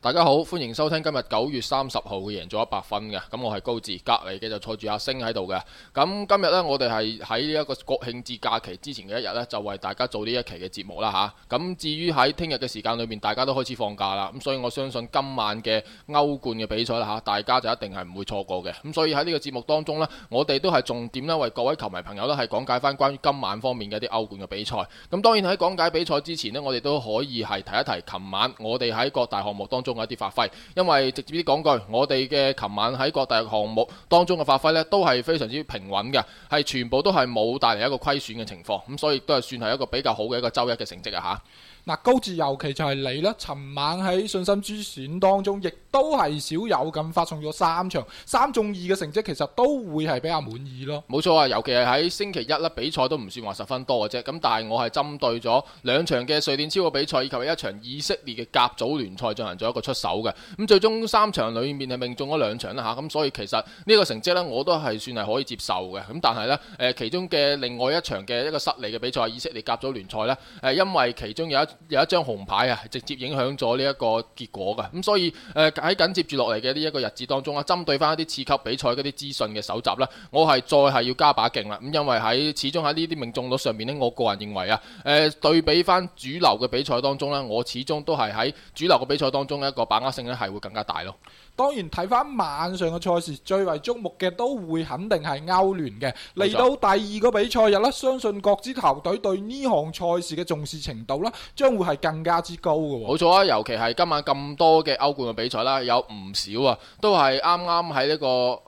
大家好，歡迎收聽今日九月三十號嘅贏足 100FUN 嘅，咁我係高志，隔籬嘅就坐住阿星喺度嘅。咁今日呢，我哋係喺呢一個國慶節假期之前嘅一日呢，就為大家做呢一期嘅節目啦吓。咁至於喺聽日嘅時間裏面，大家都開始放假啦，咁所以我相信今晚嘅歐冠嘅比賽啦吓，大家就一定係唔會錯過嘅。咁所以喺呢個節目當中呢，我哋都係重點呢為各位球迷朋友呢係講解翻關於今晚方面嘅啲歐冠嘅比賽。咁當然喺講解比賽之前呢，我哋都可以係提一提，琴晚我哋喺各大項目當。中一啲發揮，因為直接啲講句，我哋嘅琴晚喺各大項目當中嘅發揮咧，都係非常之平穩嘅，係全部都係冇帶嚟一個虧損嘅情況，咁所以都係算係一個比較好嘅一個周一嘅成績啊吓。嗱，高志尤其就係你啦，尋晚喺信心之選當中，亦都係少有咁發送咗三場，三中二嘅成績其實都會係比較滿意咯。冇錯啊，尤其係喺星期一咧，比賽都唔算話十分多嘅啫。咁但係我係針對咗兩場嘅瑞典超嘅比賽，以及一場以色列嘅甲組聯賽進行咗一個出手嘅。咁最終三場裏面係命中咗兩場啦吓，咁、啊、所以其實呢個成績呢，我都係算係可以接受嘅。咁但係呢，誒其中嘅另外一場嘅一個失利嘅比賽，以色列甲組聯賽呢，係因為其中有一有一張紅牌啊，直接影響咗呢一個結果嘅，咁、嗯、所以誒喺緊接住落嚟嘅呢一個日子當中啦、啊，針對翻一啲次級比賽嗰啲資訊嘅搜集啦，我係再係要加把勁啦，咁因為喺始終喺呢啲命中率上面呢，我個人認為啊，誒、呃、對比翻主流嘅比賽當中呢，我始終都係喺主流嘅比賽當中嘅一個把握性呢，係會更加大咯。當然睇翻晚上嘅賽事，最為矚目嘅都會肯定係歐聯嘅。嚟錯到第二個比賽日啦，相信各支球隊對呢項賽事嘅重視程度啦，將會係更加之高嘅。冇錯啊！尤其係今晚咁多嘅歐冠嘅比賽啦，有唔少啊，都係啱啱喺呢個。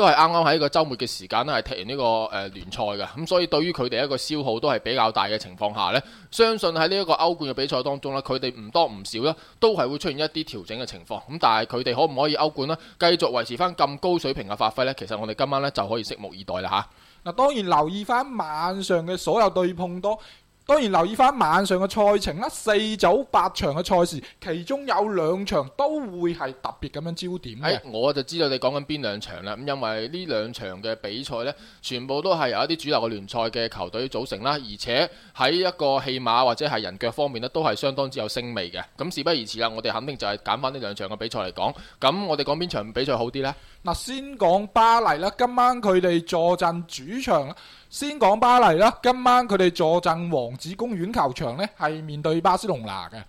都係啱啱喺呢個周末嘅時間咧，係踢完呢、呢個誒、呃、聯賽嘅，咁、嗯、所以對於佢哋一個消耗都係比較大嘅情況下呢，相信喺呢一個歐冠嘅比賽當中呢，佢哋唔多唔少呢都係會出現一啲調整嘅情況，咁、嗯、但係佢哋可唔可以歐冠呢繼續維持翻咁高水平嘅發揮呢？其實我哋今晚呢就可以拭目以待啦吓。嗱、啊，當然留意翻晚上嘅所有對碰多。當然留意翻晚上嘅賽程啦，四組八場嘅賽事，其中有兩場都會係特別咁樣焦點嘅，哎。我就知道你講緊邊兩場啦，咁因為呢兩場嘅比賽呢，全部都係由一啲主流嘅聯賽嘅球隊組成啦，而且喺一個戲碼或者係人腳方面呢，都係相當之有腥味嘅。咁事不宜遲啦，我哋肯定就係揀翻呢兩場嘅比賽嚟講。咁我哋講邊場比賽好啲呢？嗱，先講巴黎啦，今晚佢哋坐鎮主場。先講巴黎啦，今晚佢哋坐鎮王子公園球場咧，係面對巴塞隆拿嘅。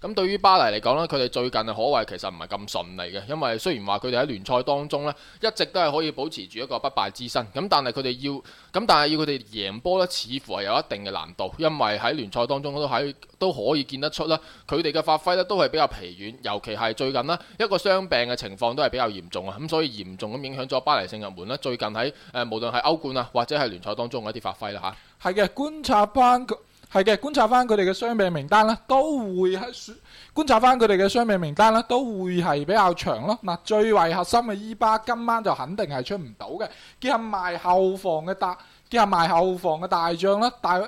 咁對於巴黎嚟講呢，佢哋最近啊，可謂其實唔係咁順利嘅。因為雖然話佢哋喺聯賽當中呢，一直都係可以保持住一個不敗之身，咁但係佢哋要，咁但係要佢哋贏波呢，似乎係有一定嘅難度。因為喺聯賽當中都喺都可以見得出啦，佢哋嘅發揮呢都係比較疲軟，尤其係最近啦，一個傷病嘅情況都係比較嚴重啊。咁所以嚴重咁影響咗巴黎聖人門呢，最近喺誒，無論係歐冠啊，或者係聯賽當中一啲發揮啦嚇。係嘅，觀察班。係嘅，觀察翻佢哋嘅傷病名單咧，都會係觀察翻佢哋嘅傷病名單咧，都會係比較長咯。嗱，最為核心嘅伊巴今晚就肯定係出唔到嘅。結合埋後防嘅大，大，結合埋後防嘅大將啦，大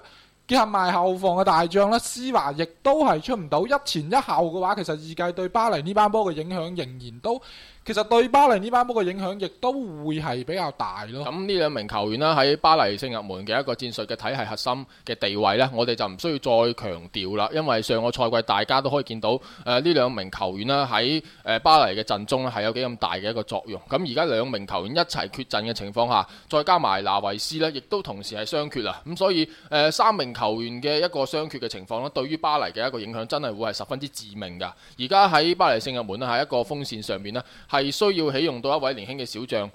結合埋後防嘅大將啦，施華亦都係出唔到。一前一後嘅話，其實二計對巴黎呢班波嘅影響仍然都。其實對巴黎呢班波嘅影響亦都會係比較大咯。咁呢兩名球員啦，喺巴黎聖日門嘅一個戰術嘅體係核心嘅地位呢，我哋就唔需要再強調啦。因為上個賽季大家都可以見到，誒、呃、呢兩名球員啦喺誒巴黎嘅陣中咧係有幾咁大嘅一個作用。咁而家兩名球員一齊缺陣嘅情況下，再加埋拿維斯呢，亦都同時係雙缺啦。咁所以誒、呃、三名球員嘅一個雙缺嘅情況呢，對於巴黎嘅一個影響真係會係十分之致命噶。而家喺巴黎聖日門呢，喺一個鋒線上面呢。係需要起用到一位年輕嘅小將。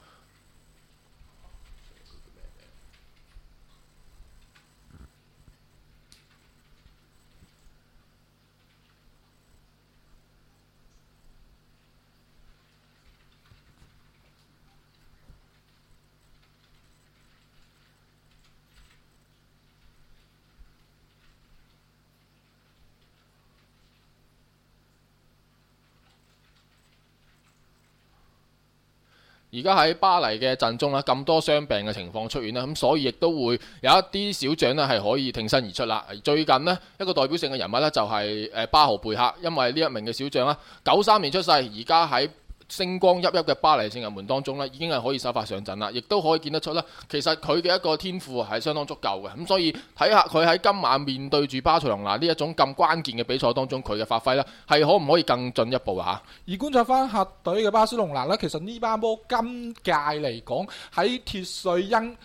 而家喺巴黎嘅陣中啦，咁多傷病嘅情況出現咧，咁所以亦都會有一啲小將呢係可以挺身而出啦。最近呢，一個代表性嘅人物呢，就係誒巴豪貝克，因為呢一名嘅小將啦，九三年出世，而家喺。星光熠熠嘅巴黎聖人門當中咧，已經係可以首發上陣啦，亦都可以見得出呢。其實佢嘅一個天賦係相當足夠嘅。咁所以睇下佢喺今晚面對住巴塞隆拿呢一種咁關鍵嘅比賽當中，佢嘅發揮呢係可唔可以更進一步啊？而觀察翻客隊嘅巴塞隆拿呢，其實呢班波今屆嚟講喺鐵瑞恩。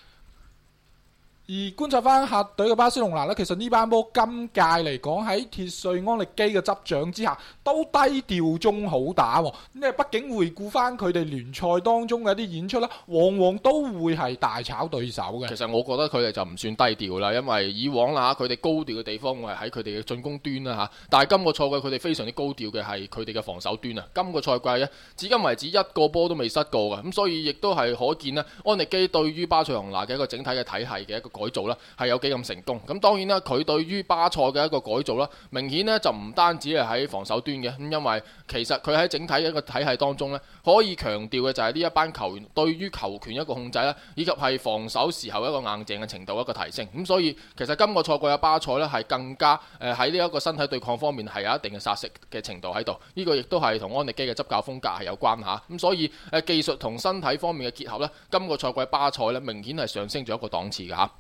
而觀察翻客隊嘅巴塞隆拿呢，其實呢班波今屆嚟講喺鐵帥安力基嘅執掌之下，都低調中好打喎。因為畢竟回顧翻佢哋聯賽當中嘅一啲演出啦，往往都會係大炒對手嘅。其實我覺得佢哋就唔算低調啦，因為以往啦佢哋高調嘅地方，我係喺佢哋嘅進攻端啦。但係今個賽季佢哋非常之高調嘅係佢哋嘅防守端啊。今個賽季呢，至今為止一個波都未失過嘅，咁所以亦都係可見咧，安力基對於巴塞隆拿嘅一個整體嘅體系嘅一個。改造啦，係有幾咁成功咁？當然啦，佢對於巴塞嘅一個改造啦，明顯呢就唔單止係喺防守端嘅咁，因為其實佢喺整體一個體系當中呢，可以強調嘅就係呢一班球員對於球權一個控制啦，以及係防守時候一個硬淨嘅程度一個提升咁。所以其實今個賽季嘅巴塞呢，係更加誒喺呢一個身體對抗方面係有一定嘅殺食嘅程度喺度，呢、這個亦都係同安力基嘅執教風格係有關嚇咁。所以誒技術同身體方面嘅結合呢，今個賽季巴塞呢，明顯係上升咗一個檔次㗎。嚇。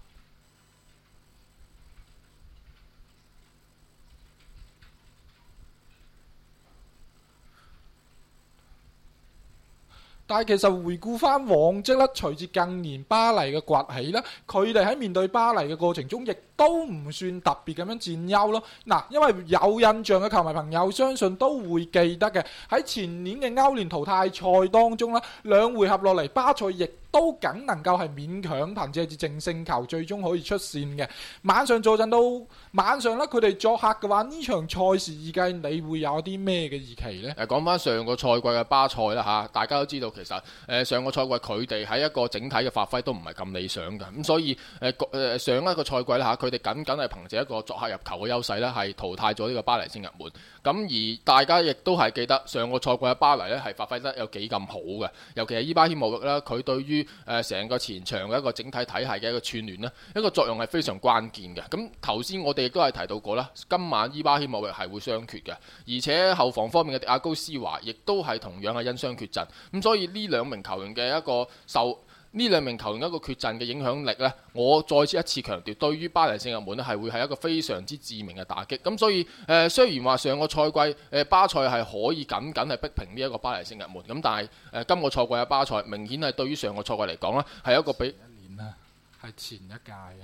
但係其實回顧翻往績咧，隨住近年巴黎嘅崛起咧，佢哋喺面對巴黎嘅過程中，亦都唔算特別咁樣佔優咯。嗱，因為有印象嘅球迷朋友相信都會記得嘅，喺前年嘅歐聯淘汰賽當中咧，兩回合落嚟，巴塞亦都僅能夠係勉強憑借住淨勝球最終可以出線嘅。晚上坐陣到晚上咧，佢哋作客嘅話呢場賽事預計你會有啲咩嘅預期咧？誒講翻上個賽季嘅巴塞啦吓大家都知道其實誒上個賽季佢哋喺一個整體嘅發揮都唔係咁理想嘅。咁所以誒誒上一個賽季啦吓佢哋僅僅係憑借一個作客入球嘅優勢咧，係淘汰咗呢個巴黎先入門，咁而大家亦都係記得上個賽季嘅巴黎咧，係發揮得有幾咁好嘅，尤其係伊巴希慕域啦，佢對於。誒，成、呃、個前場嘅一個整體體系嘅一個串聯呢一個作用係非常關鍵嘅。咁頭先我哋亦都係提到過啦，今晚伊巴希莫若係會傷缺嘅，而且後防方面嘅迪亞高斯華亦都係同樣係因傷缺陣，咁所以呢兩名球員嘅一個受。呢兩名球員一個缺陣嘅影響力呢，我再次一次強調，對於巴黎聖日門咧係會係一個非常之致命嘅打擊。咁所以誒、呃，雖然話上個賽季誒、呃、巴塞係可以緊緊係逼平呢一個巴黎聖日門，咁但係誒、呃、今個賽季嘅巴塞，明顯係對於上個賽季嚟講啦，係一個比一年啊，係前一屆嘅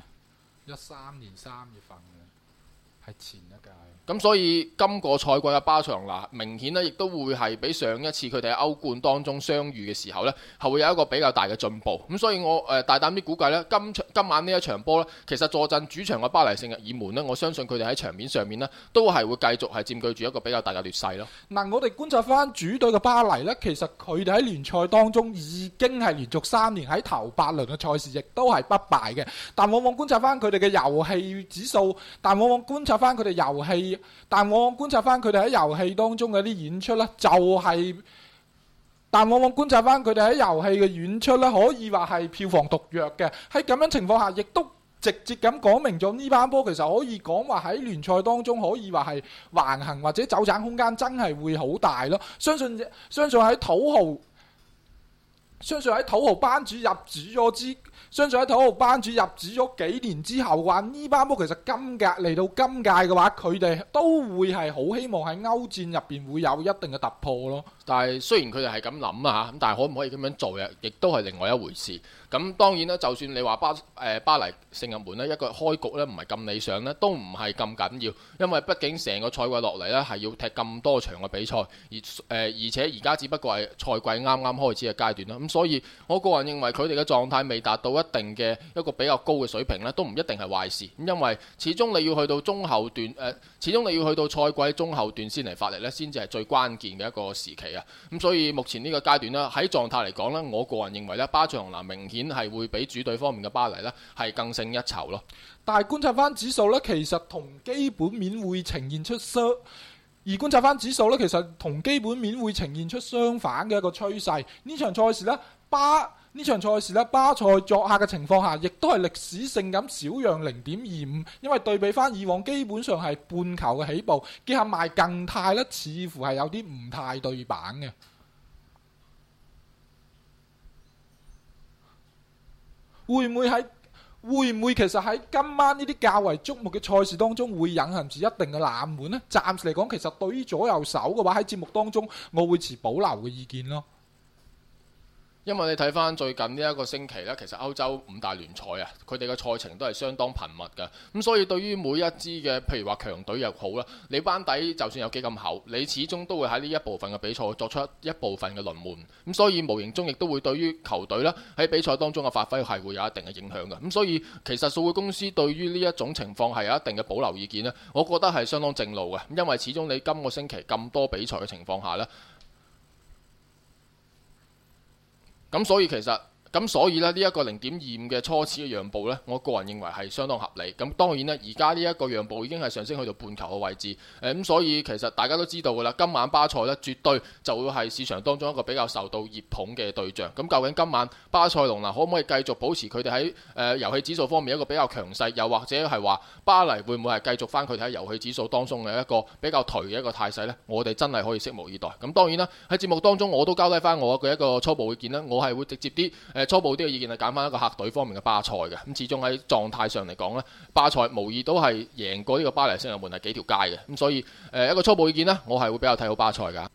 一,一三年三月份。係前一屆。咁所以今個賽季嘅巴塞嗱，明顯呢亦都會係比上一次佢哋喺歐冠當中相遇嘅時候呢，係會有一個比較大嘅進步。咁所以我誒、呃、大膽啲估計呢，今場今晚呢一場波呢，其實坐鎮主場嘅巴黎聖日耳門呢，我相信佢哋喺場面上面呢，都係會繼續係佔據住一個比較大嘅劣勢咯。嗱、嗯，我哋觀察翻主隊嘅巴黎呢，其實佢哋喺聯賽當中已經係連續三年喺頭八輪嘅賽事亦都係不敗嘅，但往往觀察翻佢哋嘅遊戲指數，但往往觀察。翻佢哋遊戲，但我觀察翻佢哋喺遊戲當中嘅啲演出呢就係、是，但往往觀察翻佢哋喺遊戲嘅演出呢，可以話係票房毒藥嘅。喺咁樣情況下，亦都直接咁講明咗呢班波，其實可以講話喺聯賽當中可以話係橫行，或者走盞空間真係會好大咯。相信相信喺土豪，相信喺土豪班主入主咗之。相信喺土豪班主入主咗幾年之後嘅話，呢班屋其實今屆嚟到今屆嘅話，佢哋都會係好希望喺歐戰入邊會有一定嘅突破咯。但係雖然佢哋係咁諗啊嚇，咁但係可唔可以咁樣做啊，亦都係另外一回事。咁當然啦，就算你話巴誒、呃、巴黎勝入門巴黎聖日門咧，一個開局呢，唔係咁理想呢，都唔係咁緊要，因為畢竟成個賽季落嚟呢，係要踢咁多場嘅比賽，而誒、呃、而且而家只不過係賽季啱啱開始嘅階段啦。咁所以，我個人認為佢哋嘅狀態未達到一定嘅一個比較高嘅水平呢，都唔一定係壞事。因為始終你要去到中後段誒、呃，始終你要去到賽季中後段先嚟發力呢，先至係最關鍵嘅一個時期啊。咁所以目前呢個階段呢，喺狀態嚟講呢，我個人認為呢，巴塞羅那明顯，係會比主隊方面嘅巴黎呢係更勝一籌咯，但係觀察翻指數呢，其實同基本面會呈現出相，而觀察翻指數呢，其實同基本面會呈現出相反嘅一個趨勢。呢場賽事咧巴呢場賽事咧巴塞作客嘅情況下，亦都係歷史性咁小讓零點二五，因為對比翻以往基本上係半球嘅起步，結合埋近態呢，似乎係有啲唔太對版嘅。會唔會喺會唔會其實喺今晚呢啲較為矚目嘅賽事當中，會引發住一定嘅冷門呢？暫時嚟講，其實對於左右手嘅話，喺節目當中，我會持保留嘅意見咯。因為你睇翻最近呢一個星期咧，其實歐洲五大聯賽啊，佢哋嘅賽程都係相當頻密㗎。咁所以對於每一支嘅，譬如話強隊又好啦，你班底就算有幾咁厚，你始終都會喺呢一部分嘅比賽作出一部分嘅輪換。咁所以無形中亦都會對於球隊啦喺比賽當中嘅發揮係會有一定嘅影響嘅。咁所以其實數據公司對於呢一種情況係有一定嘅保留意見咧。我覺得係相當正路嘅，因為始終你今個星期咁多比賽嘅情況下呢。咁所以其實。咁所以呢，呢、呢、一個零點二五嘅初始嘅讓步呢，我個人認為係相當合理。咁當然呢，而家呢一個讓步已經係上升去到半球嘅位置。誒、嗯、咁，所以其實大家都知道㗎啦，今晚巴塞呢，絕對就會係市場當中一個比較受到熱捧嘅對象。咁究竟今晚巴塞隆拿可唔可以繼續保持佢哋喺誒遊戲指數方面一個比較強勢，又或者係話巴黎會唔會係繼續翻佢哋喺遊戲指數當中嘅一個比較頹嘅一個態勢呢？我哋真係可以拭目以待。咁當然啦，喺節目當中我都交低翻我嘅一個初步意見啦，我係會直接啲。誒，初步啲嘅意見係揀翻一個客隊方面嘅巴塞嘅，咁始終喺狀態上嚟講呢，巴塞無疑都係贏過呢個巴黎聖日門係幾條街嘅。咁所以誒，一個初步意見呢，我係會比較睇好巴塞㗎。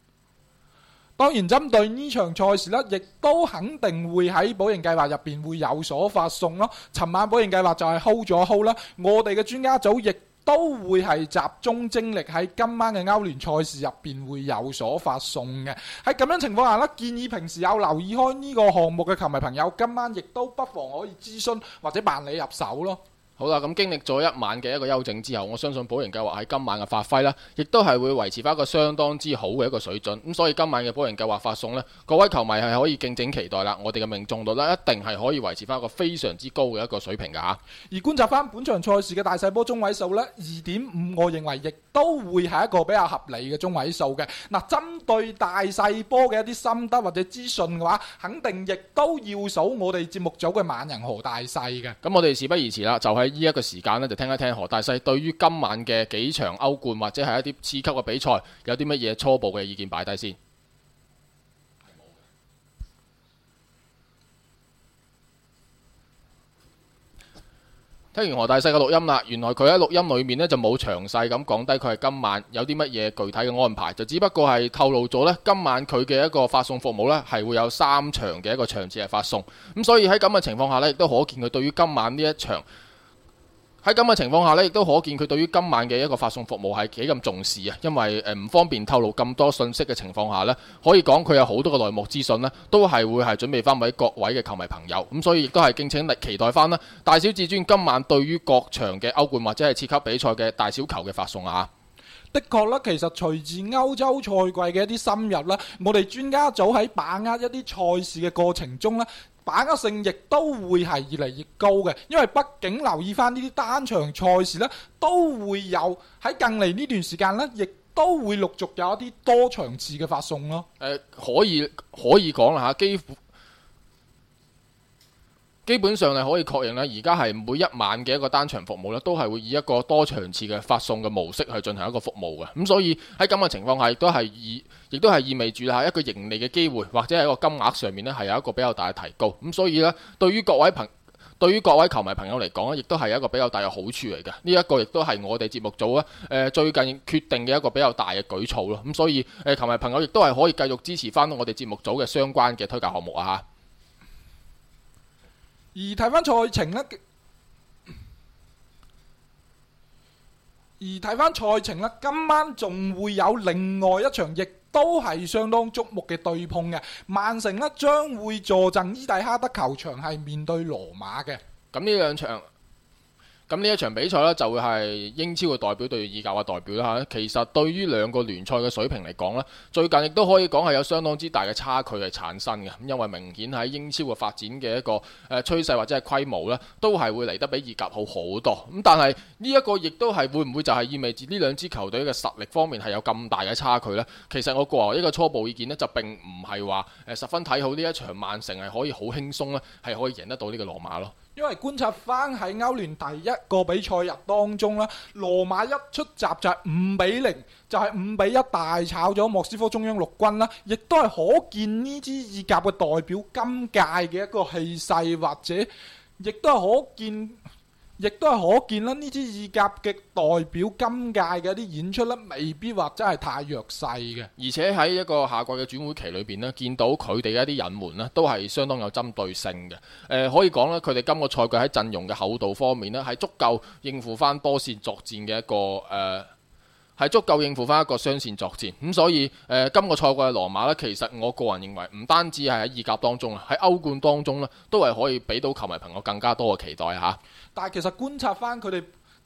當然，針對呢場賽事呢，亦都肯定會喺保盈計劃入邊會有所發送咯。尋晚保盈計劃就係 hold 咗 hold 啦，我哋嘅專家組亦。都會係集中精力喺今晚嘅歐聯賽事入邊會有所發送嘅，喺咁樣情況下啦，建議平時有留意開呢個項目嘅球迷朋友，今晚亦都不妨可以諮詢或者辦理入手咯。好啦，咁經歷咗一晚嘅一個休整之後，我相信保盈計劃喺今晚嘅發揮呢，亦都係會維持翻一個相當之好嘅一個水準。咁所以今晚嘅保盈計劃發送呢，各位球迷係可以敬請期待啦。我哋嘅命中率呢，一定係可以維持翻一個非常之高嘅一個水平㗎吓。而觀察翻本場賽事嘅大細波中位數呢，二點五，我認為亦都會係一個比較合理嘅中位數嘅。嗱，針對大細波嘅一啲心得或者資訊嘅話，肯定亦都要數我哋節目組嘅萬人何大細嘅。咁我哋事不宜遲啦，就係、是。呢一個時間呢，就聽一聽何大細對於今晚嘅幾場歐冠或者係一啲次級嘅比賽有啲乜嘢初步嘅意見擺低先。聽完何大細嘅錄音啦，原來佢喺錄音裡面呢，就冇詳細咁講低佢係今晚有啲乜嘢具體嘅安排，就只不過係透露咗呢：今晚佢嘅一個發送服務呢，係會有三場嘅一個場次係發送，咁，所以喺咁嘅情況下呢，亦都可見佢對於今晚呢一場。喺咁嘅情況下呢，亦都可見佢對於今晚嘅一個發送服務係幾咁重視啊！因為誒，唔方便透露咁多信息嘅情況下呢，可以講佢有好多個內幕資訊呢都係會係準備翻俾各位嘅球迷朋友。咁所以亦都係敬請期待翻啦！大小至尊今晚對於各場嘅歐冠或者係次級比賽嘅大小球嘅發送啊！的確啦，其實隨住歐洲賽季嘅一啲深入啦，我哋專家組喺把握一啲賽事嘅過程中咧。把握性亦都會係越嚟越高嘅，因為畢竟留意翻呢啲單場賽事咧，都會有喺近嚟呢段時間咧，亦都會陸續有一啲多場次嘅發送咯。呃，可以可以講啦嚇，幾乎，基本上咧可以確認咧，而家係每一晚嘅一個單場服務咧，都係會以一個多場次嘅發送嘅模式去進行一個服務嘅。咁所以喺咁嘅情況下，亦都係以，亦都係意味住啦一個盈利嘅機會，或者係一個金額上面咧係有一個比較大嘅提高。咁所以咧，對於各位朋，對於各位球迷朋友嚟講咧，亦都係一個比較大嘅好處嚟嘅。呢一個亦都係我哋節目組咧，誒最近決定嘅一個比較大嘅舉措咯。咁所以誒，球迷朋友亦都係可以繼續支持翻我哋節目組嘅相關嘅推介項目啊！嚇～而睇翻賽程咧，而睇翻賽程咧，今晚仲會有另外一場，亦都係相當矚目嘅對碰嘅。曼城咧將會坐陣伊蒂哈德球場，係面對羅馬嘅。咁呢兩場。咁呢一場比賽咧，就會係英超嘅代表對意甲嘅代表啦嚇。其實對於兩個聯賽嘅水平嚟講咧，最近亦都可以講係有相當之大嘅差距係產生嘅，因為明顯喺英超嘅發展嘅一個誒趨勢或者係規模咧，都係會嚟得比意甲好好多。咁但係呢一個亦都係會唔會就係意味住呢兩支球隊嘅實力方面係有咁大嘅差距呢？其實我個人一個初步意見呢，就並唔係話誒十分睇好呢一場曼城係可以好輕鬆咧，係可以贏得到呢個羅馬咯。因為觀察翻喺歐聯第一個比賽日當中啦，羅馬一出閘就係五比零，就係五比一大炒咗莫斯科中央陸軍啦，亦都係可見呢支意甲嘅代表今屆嘅一個氣勢，或者亦都係可見。亦都係可見啦，呢支意甲嘅代表今屆嘅啲演出咧，未必或者係太弱勢嘅。而且喺一個夏季嘅轉會期裏面，呢見到佢哋嘅一啲隱瞞呢都係相當有針對性嘅、呃。可以講咧，佢哋今個賽季喺陣容嘅厚度方面呢係足夠應付翻多線作戰嘅一個、呃係足夠應付翻一個雙線作戰咁，所以誒、呃、今個賽季嘅羅馬呢，其實我個人認為唔單止係喺意甲當中啊，喺歐冠當中咧，都係可以俾到球迷朋友更加多嘅期待嚇。但係其實觀察翻佢哋。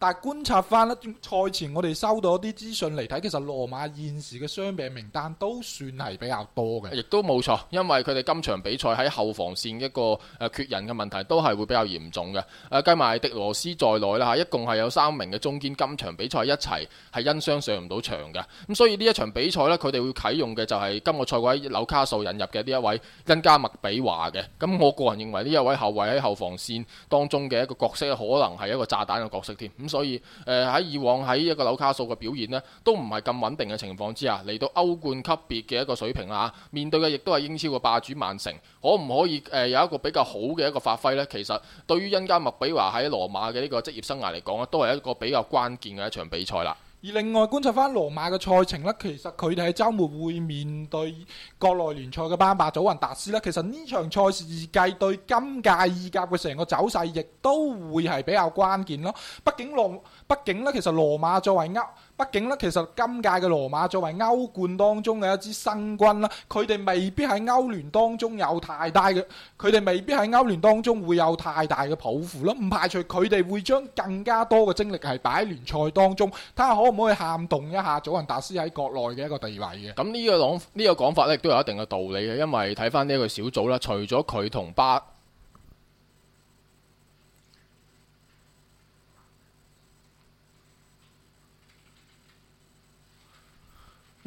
但觀察翻咧，賽前我哋收到啲資訊嚟睇，其實羅馬現時嘅傷病名單都算係比較多嘅，亦都冇錯。因為佢哋今場比賽喺後防線一個誒缺人嘅問題都係會比較嚴重嘅。誒計埋迪羅斯在內啦嚇，一共係有三名嘅中堅，今場比賽一齊係因傷上唔到場嘅。咁所以呢一場比賽呢，佢哋會啟用嘅就係今個賽季紐卡素引入嘅呢一位恩加麥比華嘅。咁我個人認為呢一位後衞喺後防線當中嘅一個角色，可能係一個炸彈嘅角色添。所以，誒、呃、喺以往喺一個紐卡素嘅表現呢，都唔係咁穩定嘅情況之下，嚟到歐冠級別嘅一個水平啦、啊。面對嘅亦都係英超嘅霸主曼城，可唔可以誒、呃、有一個比較好嘅一個發揮呢？其實對於恩加麥比華喺羅馬嘅呢個職業生涯嚟講呢，都係一個比較關鍵嘅一場比賽啦。而另外觀察翻羅馬嘅賽程咧，其實佢哋喺周末會面對國內聯賽嘅班霸祖雲達斯咧。其實呢場賽事預計對今屆意甲嘅成個走勢，亦都會係比較關鍵咯。畢竟羅，畢竟咧，其實羅馬作為歐畢竟咧，其實今屆嘅羅馬作為歐冠當中嘅一支新軍啦，佢哋未必喺歐聯當中有太大嘅，佢哋未必喺歐聯當中會有太大嘅抱負咯。唔排除佢哋會將更加多嘅精力係擺喺聯賽當中，睇下可唔可以撼動一下祖雲達斯喺國內嘅一個地位嘅。咁呢個講呢個講法咧，亦都有一定嘅道理嘅，因為睇翻呢一個小組啦，除咗佢同巴。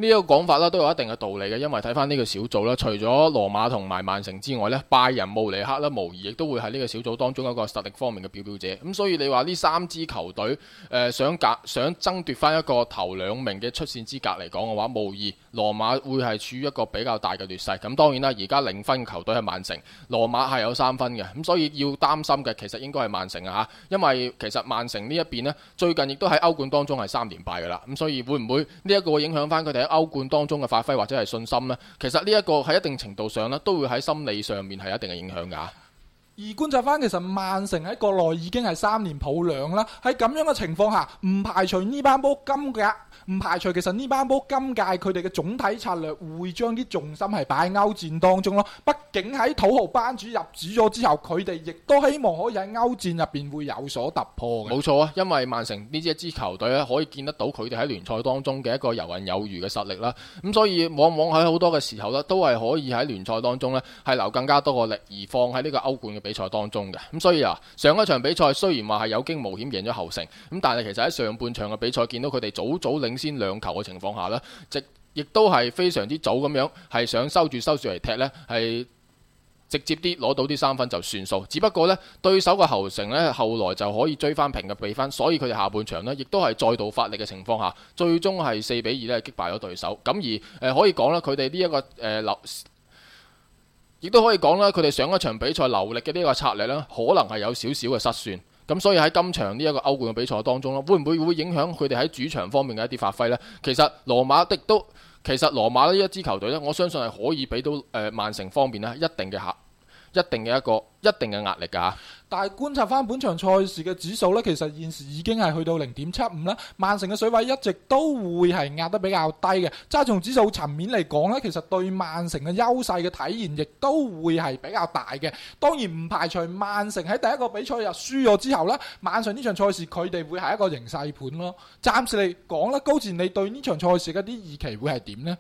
呢一個講法啦，都有一定嘅道理嘅，因為睇翻呢個小組啦，除咗羅馬同埋曼城之外咧，拜仁慕尼克啦，無疑亦都會喺呢個小組當中一個實力方面嘅表表者。咁所以你話呢三支球隊、呃、想想爭奪翻一個頭兩名嘅出線資格嚟講嘅話，無疑羅馬會係處於一個比較大嘅劣勢。咁當然啦，而家零分球隊係曼城，羅馬係有三分嘅，咁所以要擔心嘅其實應該係曼城啊嚇，因為其實曼城呢一邊呢，最近亦都喺歐冠當中係三連敗噶啦，咁所以會唔會呢一個會影響翻佢哋歐冠當中嘅發揮或者係信心呢，其實呢一個喺一定程度上咧，都會喺心理上面係一定嘅影響㗎。而觀察翻，其實曼城喺國內已經係三年抱兩啦。喺咁樣嘅情況下，唔排除呢班波金界，唔排除其實呢班波金界佢哋嘅總體策略會將啲重心係擺喺歐戰當中咯。畢竟喺土豪班主入主咗之後，佢哋亦都希望可以喺歐戰入邊會有所突破。冇錯啊，因為曼城呢一支球隊咧，可以見得到佢哋喺聯賽當中嘅一個遊刃有餘嘅實力啦。咁所以往往喺好多嘅時候咧，都係可以喺聯賽當中呢係留更加多的力個力而放喺呢個歐冠嘅比賽當中嘅。咁，所以啊，上一場比賽雖然話係有驚無險贏咗侯城，咁但係其實喺上半場嘅比賽見到佢哋早早領先兩球嘅情況下呢，亦亦都係非常之早咁樣係想收住收住嚟踢呢，係直接啲攞到啲三分就算數。只不過呢，對手嘅侯城呢，後來就可以追翻平嘅比分，所以佢哋下半場呢，亦都係再度發力嘅情況下，最終係四比二呢，擊敗咗對手。咁而誒、呃、可以講啦，佢哋呢一個誒留。呃亦都可以講啦，佢哋上一場比賽流力嘅呢個策略呢，可能係有少少嘅失算咁，所以喺今場呢一個歐冠嘅比賽當中呢，會唔會會影響佢哋喺主場方面嘅一啲發揮呢？其實羅馬的都其實羅馬呢一支球隊呢，我相信係可以俾到誒曼城方面呢一定嘅客。一定嘅一個一定嘅壓力㗎，啊，但係觀察翻本場賽事嘅指數呢，其實現時已經係去到零點七五啦。曼城嘅水位一直都會係壓得比較低嘅，即係從指數層面嚟講呢，其實對曼城嘅優勢嘅體現亦都會係比較大嘅。當然唔排除曼城喺第一個比賽日輸咗之後呢，曼城呢場賽事佢哋會係一個形勢盤咯。暫時嚟講呢高志，你對呢場賽事一啲預期會係點呢？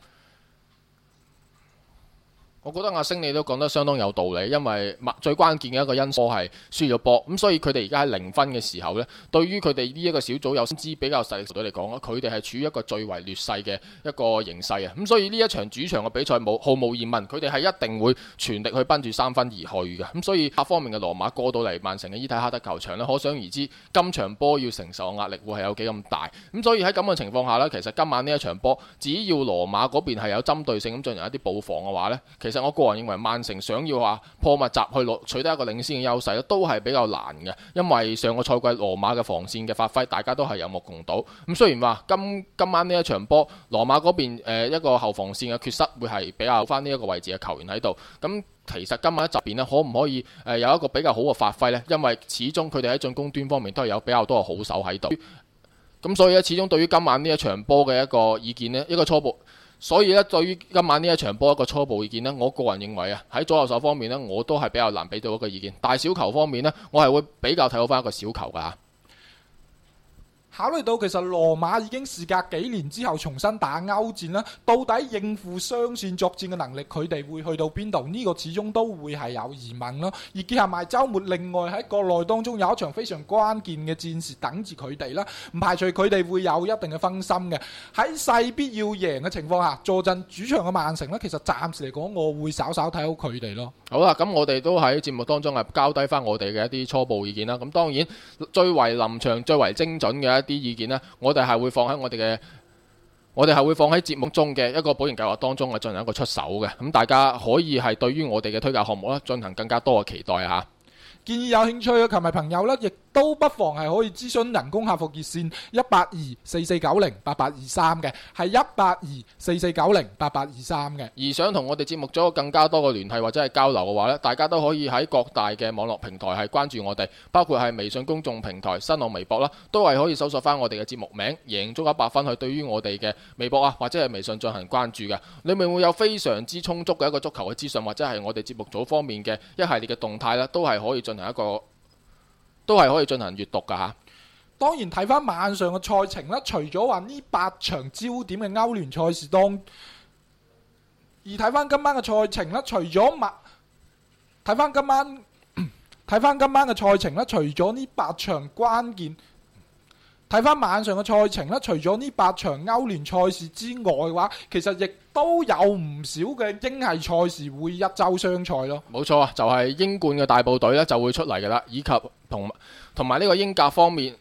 我覺得阿星你都講得相當有道理，因為最關鍵嘅一個因素係輸咗波，咁所以佢哋而家喺零分嘅時候呢，對於佢哋呢一個小組又先知比較細嘅隊嚟講啦，佢哋係處於一個最為劣勢嘅一個形勢嘅，咁所以呢一場主場嘅比賽冇毫無疑問，佢哋係一定會全力去奔住三分而去嘅，咁所以下方面嘅羅馬過到嚟曼城嘅伊蒂哈德球場咧，可想而知今場波要承受嘅壓力會係有幾咁大，咁所以喺咁嘅情況下呢，其實今晚呢一場波，只要羅馬嗰邊係有針對性咁進行一啲布防嘅話咧，其實我個人認為，曼城想要話破密集去攞取得一個領先嘅優勢咧，都係比較難嘅。因為上個賽季羅馬嘅防線嘅發揮，大家都係有目共睹。咁、嗯、雖然話今今晚呢一場波，羅馬嗰邊誒、呃、一個後防線嘅缺失，會係比較翻呢一個位置嘅球員喺度。咁、嗯、其實今晚喺側邊呢，可唔可以誒有、呃、一個比較好嘅發揮呢？因為始終佢哋喺進攻端方面都係有比較多嘅好手喺度。咁所以咧，始終對於今晚呢一場波嘅一個意見呢，一個初步。所以呢，對於今晚呢一場波一個初步意見呢，我個人認為啊，喺左右手方面呢，我都係比較難俾到一個意見。大小球方面呢，我係會比較睇好返一個小球㗎。考慮到其實羅馬已經事隔幾年之後重新打歐戰啦，到底應付雙線作戰嘅能力，佢哋會去到邊度？呢個始終都會係有疑問咯。而結合埋周末另外喺國內當中有一場非常關鍵嘅戰事等住佢哋啦，唔排除佢哋會有一定嘅分心嘅。喺勢必要贏嘅情況下，坐鎮主場嘅曼城呢，其實暫時嚟講我會稍稍睇好佢哋咯。好啦，咁我哋都喺節目當中係交低翻我哋嘅一啲初步意見啦。咁當然最為臨場、最為精準嘅。啲意見呢，我哋係會放喺我哋嘅，我哋係會放喺節目中嘅一個保盈計劃當中啊，進行一個出手嘅。咁大家可以係對於我哋嘅推介項目呢，進行更加多嘅期待吓。建議有興趣嘅球迷朋友呢，亦都不妨係可以諮詢人工客服熱線一八二四四九零八八二三嘅，係一八二四四九零八八二三嘅。而想同我哋節目組更加多嘅聯繫或者係交流嘅話呢，大家都可以喺各大嘅網絡平台係關注我哋，包括係微信公眾平台、新浪微博啦，都係可以搜索翻我哋嘅節目名，贏足 100FUN 去對於我哋嘅微博啊或者係微信進行關注嘅。裏面會有非常之充足嘅一個足球嘅資訊或者係我哋節目組方面嘅一系列嘅動態啦，都係可以進行。一個都係可以進行閱讀㗎吓，當然睇翻晚上嘅賽程啦。除咗話呢八場焦點嘅歐聯賽事當，而睇翻今晚嘅賽程啦，除咗麥睇翻今晚睇翻今晚嘅賽程啦，除咗呢八場關鍵，睇翻晚上嘅賽程啦，除咗呢八場歐聯賽事之外嘅話，其實亦。都有唔少嘅英系賽事會一周雙賽咯，冇錯啊，就係、是、英冠嘅大部隊咧就會出嚟嘅啦，以及同同埋呢個英格方面。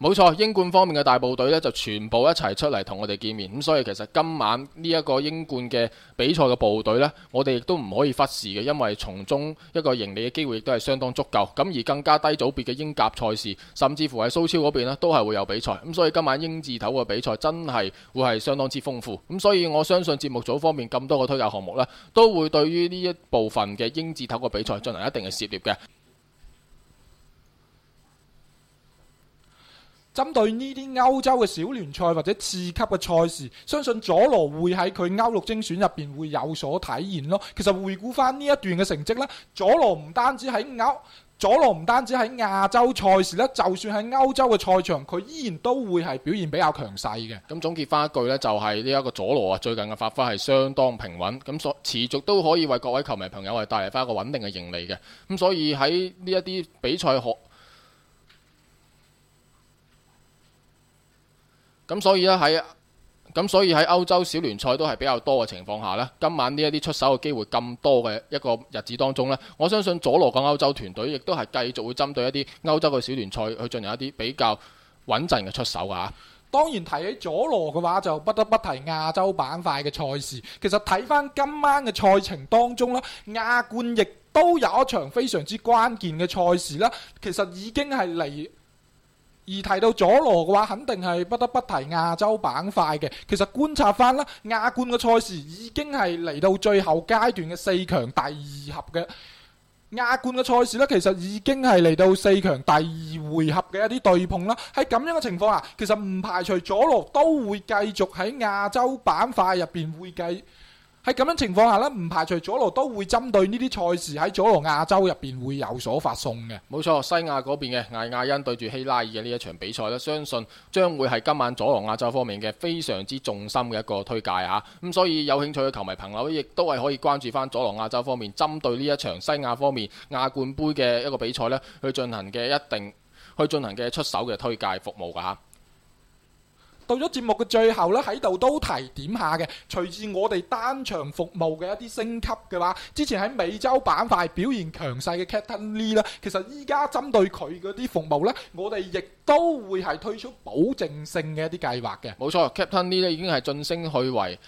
冇錯，英冠方面嘅大部隊呢就全部一齊出嚟同我哋見面，咁所以其實今晚呢一個英冠嘅比賽嘅部隊呢，我哋亦都唔可以忽視嘅，因為從中一個盈利嘅機會亦都係相當足夠。咁而更加低組別嘅英甲賽事，甚至乎喺蘇超嗰邊呢，都係會有比賽。咁所以今晚英字頭嘅比賽真係會係相當之豐富。咁所以我相信節目組方面咁多個推介項目呢，都會對於呢一部分嘅英字頭嘅比賽進行一定嘅涉獵嘅。針對呢啲歐洲嘅小聯賽或者次級嘅賽事，相信佐羅會喺佢歐陸精選入邊會有所體現咯。其實回顧翻呢一段嘅成績呢，佐羅唔單止喺歐，佐羅唔單止喺亞洲賽事呢，就算喺歐洲嘅賽場，佢依然都會係表現比較強勢嘅。咁總結翻一句呢，就係呢一個佐羅啊，最近嘅發揮係相當平穩，咁所持續都可以為各位球迷朋友係帶嚟翻一個穩定嘅盈利嘅。咁所以喺呢一啲比賽學咁所以咧，喺，咁所以喺歐洲小聯賽都係比較多嘅情況下呢，今晚呢一啲出手嘅機會咁多嘅一個日子當中呢，我相信佐羅嘅歐洲團隊亦都係繼續會針對一啲歐洲嘅小聯賽去進行一啲比較穩陣嘅出手啊！當然提起佐羅嘅話，就不得不提亞洲板塊嘅賽事。其實睇翻今晚嘅賽程當中啦，亞冠亦都有一場非常之關鍵嘅賽事啦。其實已經係嚟。而提到佐羅嘅話，肯定係不得不提亞洲板塊嘅。其實觀察翻啦，亞冠嘅賽事已經係嚟到最後階段嘅四強第二合嘅亞冠嘅賽事呢，其實已經係嚟到四強第二回合嘅一啲對碰啦。喺咁樣嘅情況下，其實唔排除佐羅都會繼續喺亞洲板塊入邊會計。喺咁樣情況下呢，唔排除佐羅都會針對呢啲賽事喺佐羅亞洲入邊會有所發送嘅。冇錯，西亞嗰邊嘅艾亞恩對住希拉爾嘅呢一場比賽，相信將會係今晚佐羅亞洲方面嘅非常之重心嘅一個推介啊！咁、嗯、所以有興趣嘅球迷朋友亦都係可以關注翻佐羅亞洲方面，針對呢一場西亞方面亞冠杯嘅一個比賽呢去進行嘅一定去進行嘅出手嘅推介服務噶吓。啊到咗節目嘅最後呢，喺度都提點下嘅。隨住我哋單場服務嘅一啲升級嘅話，之前喺美洲板塊表現強勢嘅 Captain Lee 呢，其實依家針對佢嗰啲服務呢，我哋亦都會係推出保證性嘅一啲計劃嘅。冇錯，Captain Lee 呢已經係晉升去為。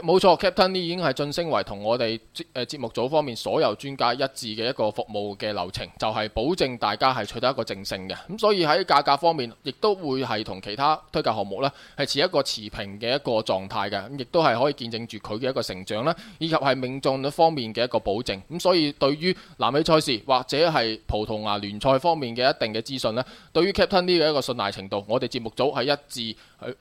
冇錯，Captain Lee 已經係晉升為同我哋節目組方面所有專家一致嘅一個服務嘅流程，就係、是、保證大家係取得一個正勝嘅。咁、嗯、所以喺價格方面，亦都會係同其他推介項目呢係持一個持平嘅一個狀態嘅。咁亦都係可以見證住佢嘅一個成長啦，以及係命中方面嘅一個保證。咁、嗯、所以對於南美賽事或者係葡萄牙聯賽方面嘅一定嘅資訊呢，對於 Captain Lee 嘅一個信賴程度，我哋節目組係一致去。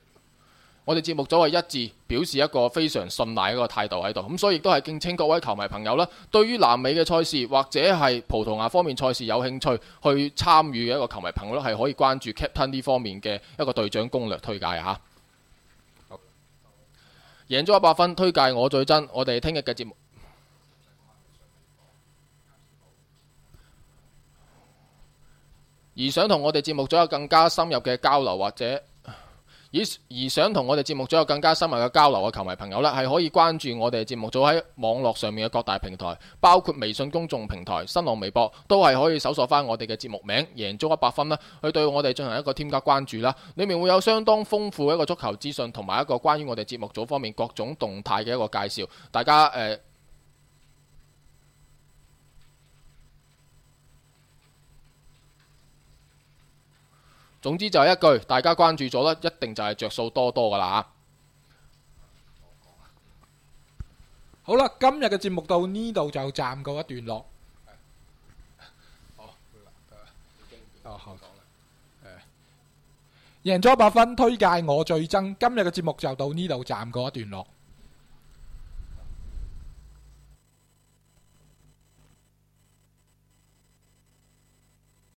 我哋節目組係一致表示一個非常信賴嘅一個態度喺度，咁所以亦都係敬請各位球迷朋友啦，對於南美嘅賽事或者係葡萄牙方面賽事有興趣去參與嘅一個球迷朋友咧，係可以關注 Captain 呢方面嘅一個隊長攻略推介嚇。好，贏足 100FUN 推介我最真，我哋聽日嘅節目。嗯、而想同我哋節目組有更加深入嘅交流或者。而想同我哋節目組有更加深入嘅交流嘅球迷朋友呢，係可以關注我哋節目組喺網絡上面嘅各大平台，包括微信公眾平台、新浪微博，都係可以搜索翻我哋嘅節目名，贏足一百分啦，去對我哋進行一個添加關注啦。裡面會有相當豐富嘅一個足球資訊，同埋一個關於我哋節目組方面各種動態嘅一個介紹。大家、呃總之就係一句，大家關注咗咧，一定就係着數多多噶啦，啊、好啦，今日嘅節目到呢度就暫告一段落。好，得啦，好，好講啦。贏咗百分，推介我最憎。今日嘅節目就到呢度暫告一段落。